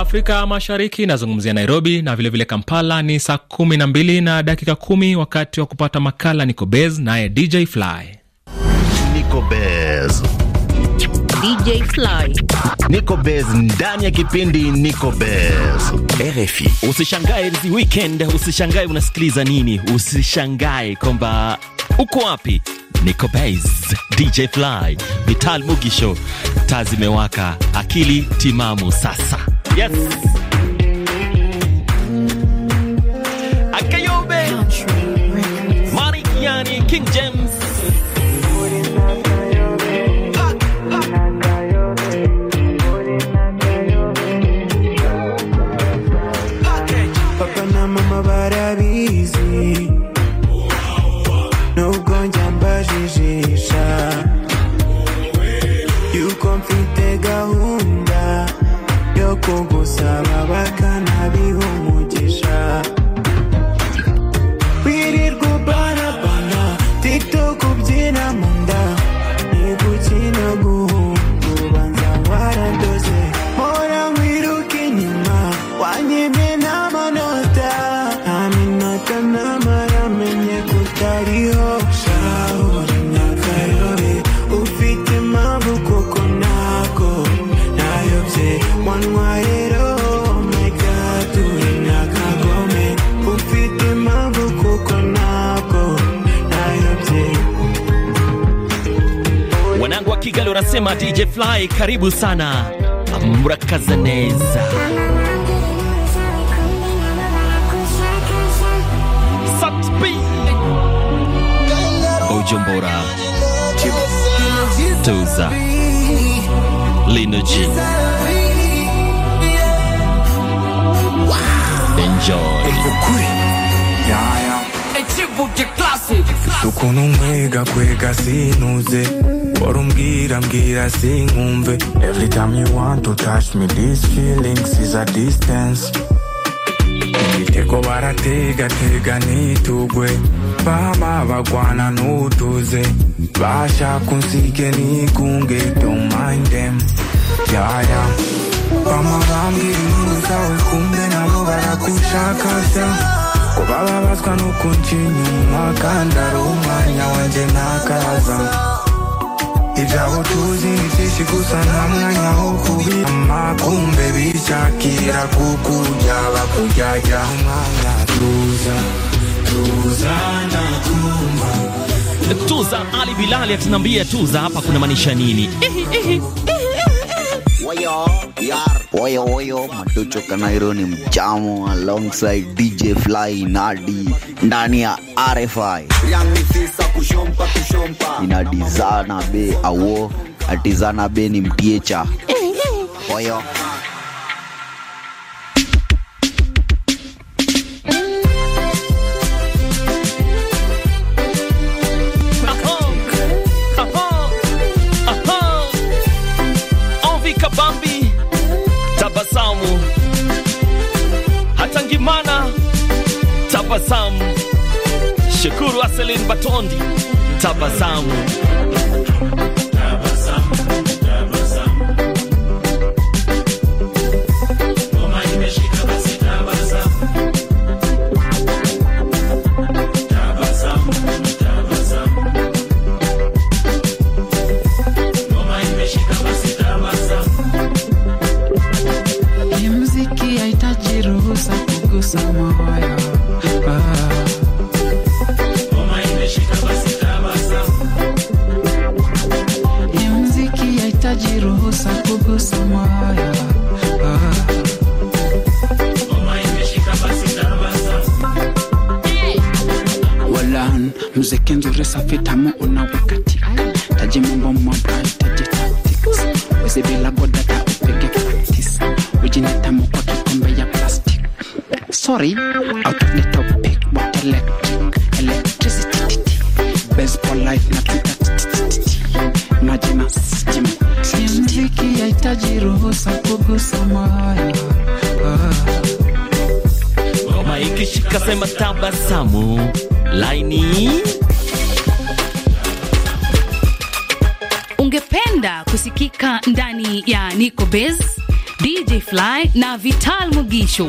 Afrika Mashariki inazungumzia Nairobi na vilevile vile Kampala. Ni saa kumi na mbili na dakika kumi wakati wa kupata makala Nicobez naye DJ Fly. Nicobez. DJ Fly. Niko Bez ndani ya kipindi Niko Bez RFI. Usishangae hizi weekend, usishangae unasikiliza nini, usishangae kwamba uko wapi. Niko Bez DJ Fly Vital Mugisho, taa zimewaka, akili timamu sasa Yes. Akayobe. Marikiani King James. hilo nasema DJ Fly, karibu sana Mrakazaneza. Ujumbura Tuza Linuji Enjoy. dukuntu nkwega kwega sinuze warumbwira mbwira sinkumve every time you want to touch me this feeling is a distance imitego barategatega nitugwe bama bagwana nutuze basha kunsike nigunge don't mind them yaya bama bambwira inkuru zawe kumbe nabo barakushakasha kubabarazwa nuko ncinye umwakandara umwanya wanjye ntakaza ibyaho tuzi mwanya wo kubira amakumbe bishakira kuko byaba tuza tuzana kumba tuza Ali Bilali tuza hapa kunamaanisha nini? Oyo oyo Matucho Kanairo ni mchamo alongside DJ Fly Nadi ndani ya RFI inadizana be awo atizana be ni mtiecha oyo mana tabasamu. Shukuru Aselin Batondi, tabasamu. muziki nzuri safi tamu unawekatika taji mambo mabaya taji tactics wezi bila godata upige practice kwa kikombe ya plastic sorry out of the topic but electric electricity baseball life na twitter majina sijimu si yahitaji ruhusa kugusa maya ah. ikishika sema tabasamu laini. Ungependa kusikika ndani ya Nico Bez, DJ Fly na Vital Mugisho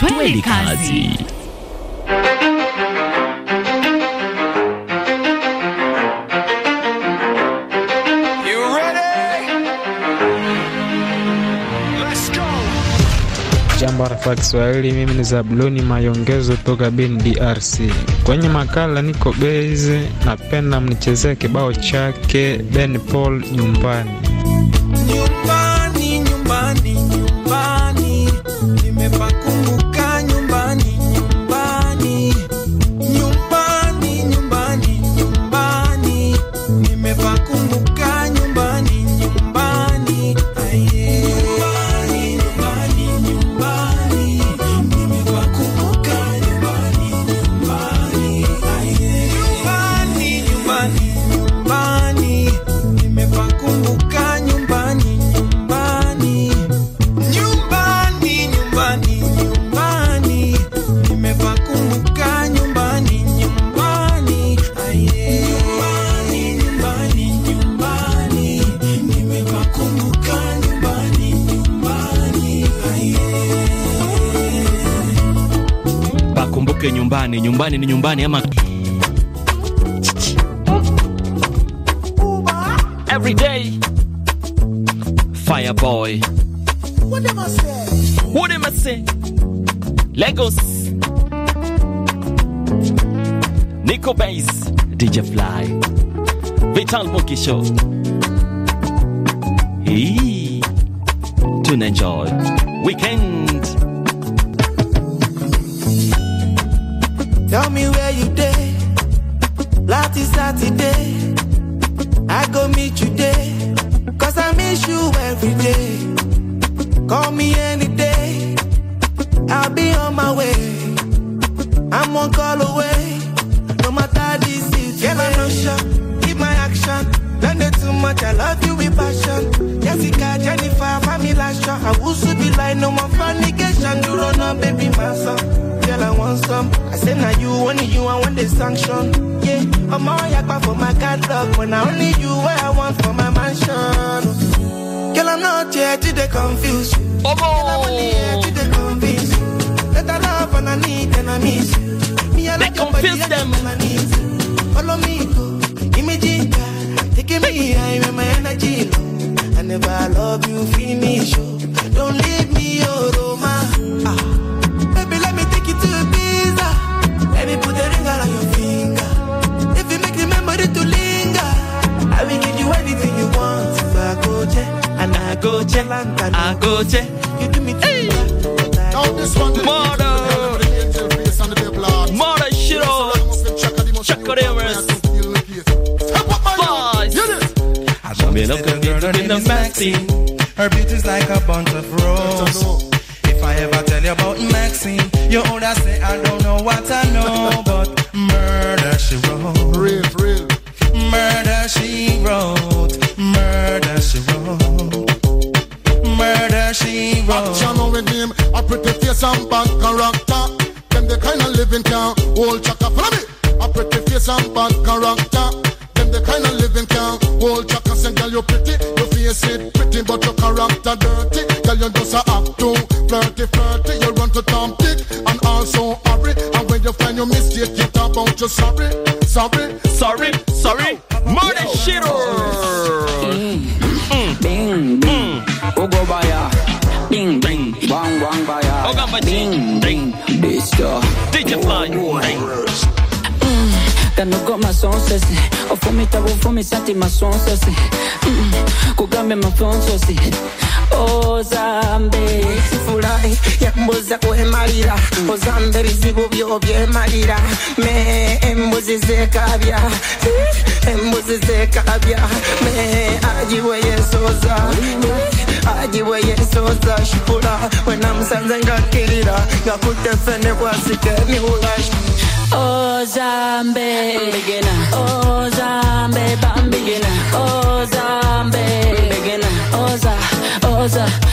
Twende kazi. Jambo rafaa Kiswahili, mimi ni Zabloni Mayongezo toka Beni, DRC. Kwenye makala niko base, napenda mnichezee kibao chake Ben Paul nyumbani nyumbani, nyumbani ni nyumbani ama Every Everyday Fireboy. What am I saying? What am I saying? Lagos. Nico Bass, DJ Fly. Vital Monkey Show. Hey, tune enjoy. Weekend. Tell me where you day. Lati Saturday. I go meet you day. Cause I miss you every day. Call me any day. I'll be on my way. I'm one call away. No matter the situation. Girl, I'm Keep my action too much. I love you with passion. Jessica, Jennifer, Pamela, Shaw. I will soon be like no more fornication. Do run up, baby, my son. Girl, I want some. I say now you, only you, I want the sanction. Yeah, I'm all yakpa for my catalog. When I only you, what I want for my mansion. Girl, I'm not here to the confuse you. Oh. Girl, I'm only here to the convince you. I love and I need and I miss you. Me, I like confuse them. Follow me, go me, I am my energy low. I never love you finish, oh. Don't leave me, oh, Roma. Ah. Baby, let me take you to a pizza. Let me put a ring on your finger. If you make the memory to linger, I will give you anything you want. If I go check, and I go check, I go check. You do me too. Hey. Don't this one, mother. Been up and girl, her name is Maxine. Her beauty's like a bunch of roses. If I ever tell you about Maxine, you older say I don't know what I know, but murder she wrote. Real, real. Murder she wrote. Murder she wrote murder she wrote. Action with him, a pretty face and bad character. Them the kind of living can hold chaka. Follow me. A pretty face and bad character. Them the kind of Gold tracker say, girl, you pretty. Your face it pretty, but your character dirty. Girl, you just a act too flirty, flirty. You run to Tom Dick and also hurry. And when you find your mistake, you talk about you sorry, sorry, sorry, sorry. Murder shitter. Mm. Oh. Bing, bing. Ogo baya. Bing, bing. Wang, wang baya. Oga bing, bing. Bitch, uh, Digify. Oh, oh, bing. T'as nog om als ons is Och voor mij taboo voor mij zat in mijn sons is Kuga me mijn fons is ozambe sifurahi yambuza kwemalira ozambe bizibu byo byemalira me embuzi zekabya embuzi zekabya me oh, oh, eh, ajiwe yesoza ajiwe yesoza shipula wenamusanze ngakirira ngakutefene kwasikemihula Oh Zombie, I'm beginner. Oh Zombie, I'm beginner. Oh Zombie, I'm beginner. Oh oh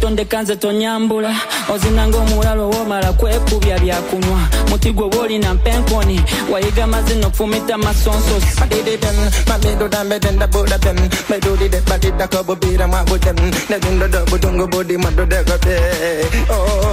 otondekanze tonyambula ozinanga omulalo womala kwekubya byakunywa muti gwe boolina mpa enkoni wayiga mazino okufumita masonsosi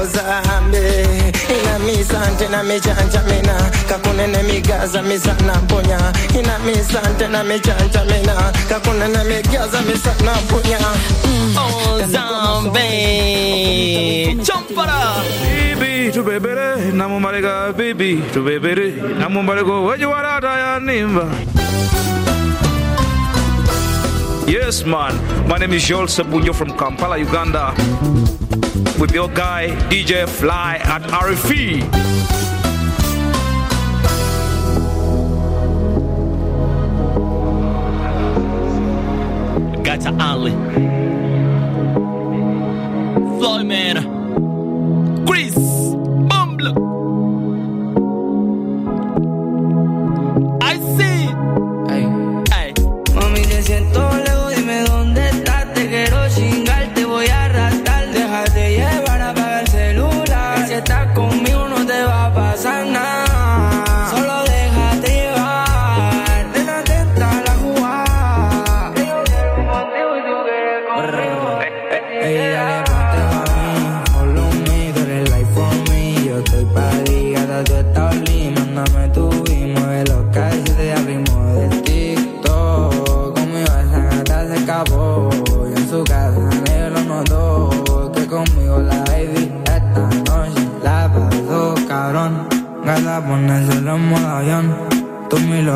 ozambe inamisa nte na michanja mina 점퍼라. 비비 두 나무 말이가 비비 두 나무 말고 어디 와라 Yes, man. My name is Joel Sabunyo from Kampala, Uganda. With your guy, DJ Fly at RFE. Got to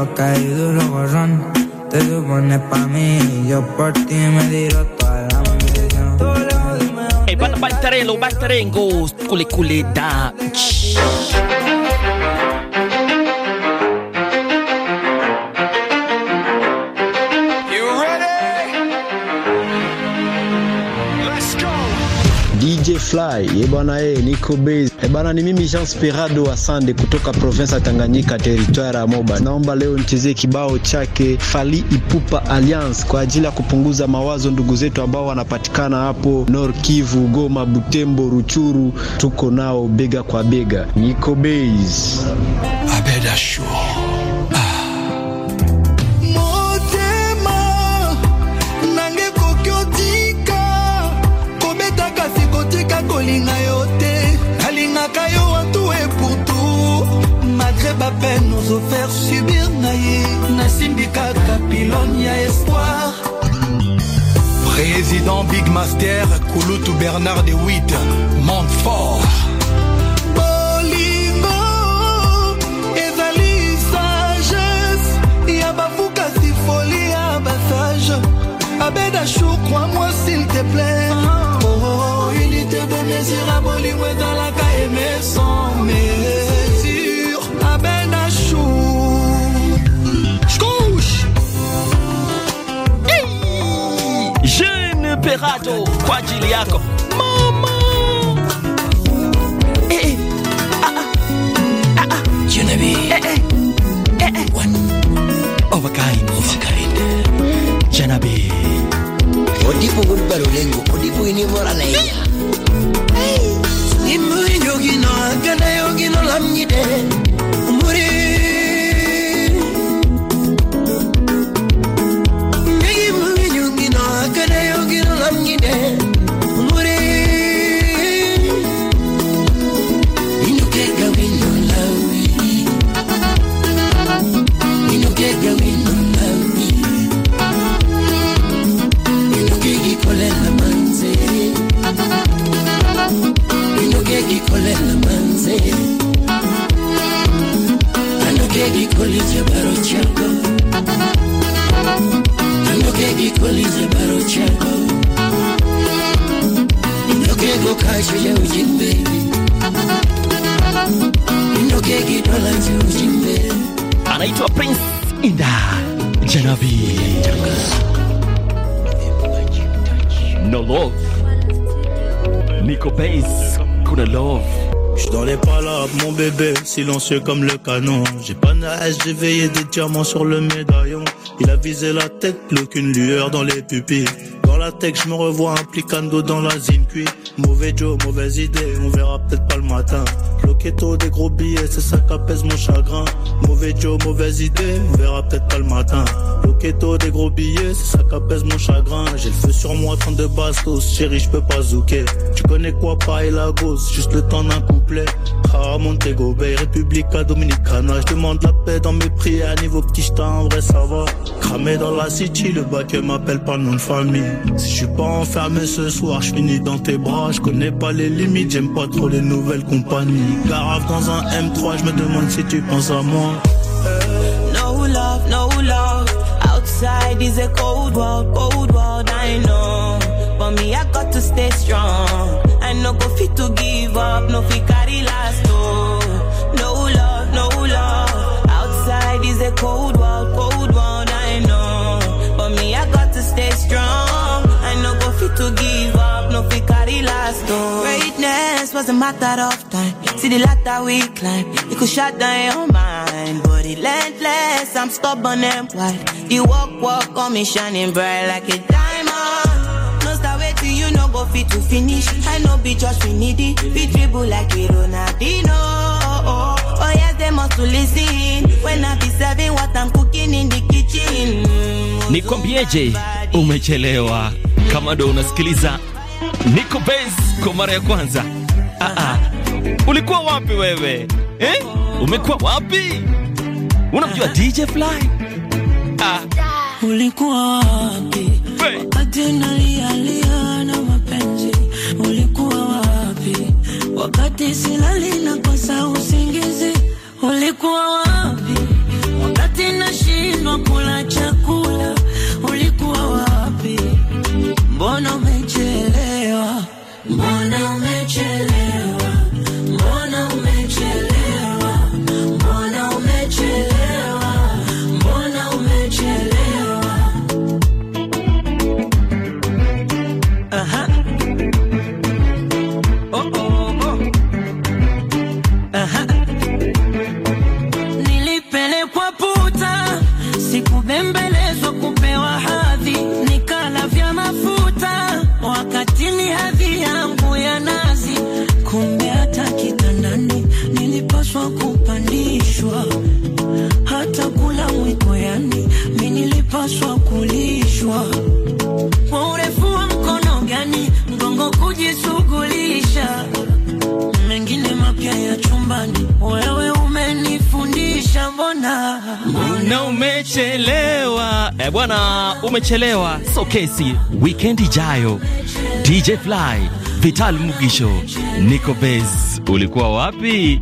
tiro caído lo borrón. Te supones pa' mí y yo por ti me tiro toda la munición. Hey, back, lo back, en back, culi culi da. back, Fly ebana e niko base ebana eh, ni mimi Jean Sperado Sande kutoka province ya Tanganyika, territoire ya Moba. Naomba leo nichezee kibao chake Fali Ipupa Alliance kwa ajili ya kupunguza mawazo ndugu zetu ambao wanapatikana hapo Nor Kivu, Goma, Butembo, Ruchuru, tuko nao bega kwa bega. Niko base Abeda Show. nous offert subir naïf na kaka pilone espoir président big master Tou bernard de 8 monde fort bolingo Zali sagesse Yabafou bafukasi foli ya Abedachou, crois-moi s'il te plaît ah. oh, oh, unité de mesure à Desperado kwa ajili yako mama. Prince No Love Nico Pays Love J'suis dans les palabres, mon bébé, silencieux comme le canon. J'ai pas naïs, j'ai veillé des diamants sur le médaillon. Il a visé la tête, plus qu'une lueur dans les pupilles la tech, je me revois implicando dans la zine cuit. Mauvais Joe, mauvaise idée, on verra peut-être pas le matin. Loquetto, des gros billets, c'est ça qu'apaise mon chagrin. Mauvais Joe, mauvaise idée, on verra peut-être pas le matin. Loquetto, des gros billets, c'est ça qu'apaise mon chagrin. J'ai le feu sur moi, de bastos, chérie, je peux pas zouker. Tu connais quoi, pas et la gosse, juste le temps d'un couplet. Ah, Montego Bay, Républica Dominicana. Je demande la paix dans mes prières, niveau petit en vrai ça va. Cramé dans la city, le bac m'appelle pas nom de famille. Si je suis pas enfermé ce soir, je finis dans tes bras. Je connais pas les limites, j'aime pas trop les nouvelles compagnies. Garave dans un M3, je me demande si tu penses à moi. No love, no love. Outside is a cold world, cold world, I know. But me, I got to stay strong. I no go fit to give up, no fit carry last, oh. No love, no love. Outside is a cold world, cold world, I know. But me, I got to stay strong. I no go fit to give up, no fit carry last, oh. Greatness was a matter of time. See the ladder we climb, it could shut down your mind. But relentless, I'm stubborn and white. The walk, walk on me shining bright like a diamond. No star waiting, you know go fit to finish. I know be just we need it. Be dribble like a Ronaldinho. Oh, oh, oh yes, they must listen. When I be serving what I'm cooking in the kitchen. Nico Nikwambieje, umechelewa. Kama ndo unasikiliza Nico Benz kwa mara ya kwanza. Ah ah. Ulikuwa wapi wewe eh? Umekuwa wapi? Unamjua DJ Fly? Ah. Ulikuwa wapi? Wakati nalia lia na mapenzi. Ulikuwa wapi? Wakati silali na kosa usingizi. Ulikuwa wapi? Wakati nashindwa kula chakula. mi nilipaswa kulishwa kwa urefu wa mkono gani mgongo kujisugulisha mengine mapya ya chumbani wewe umenifundisha mbona mbona umechelewa eh bwana umechelewa so kesi weekend ijayo DJ Fly Vital Mugisho Nico Bez ulikuwa wapi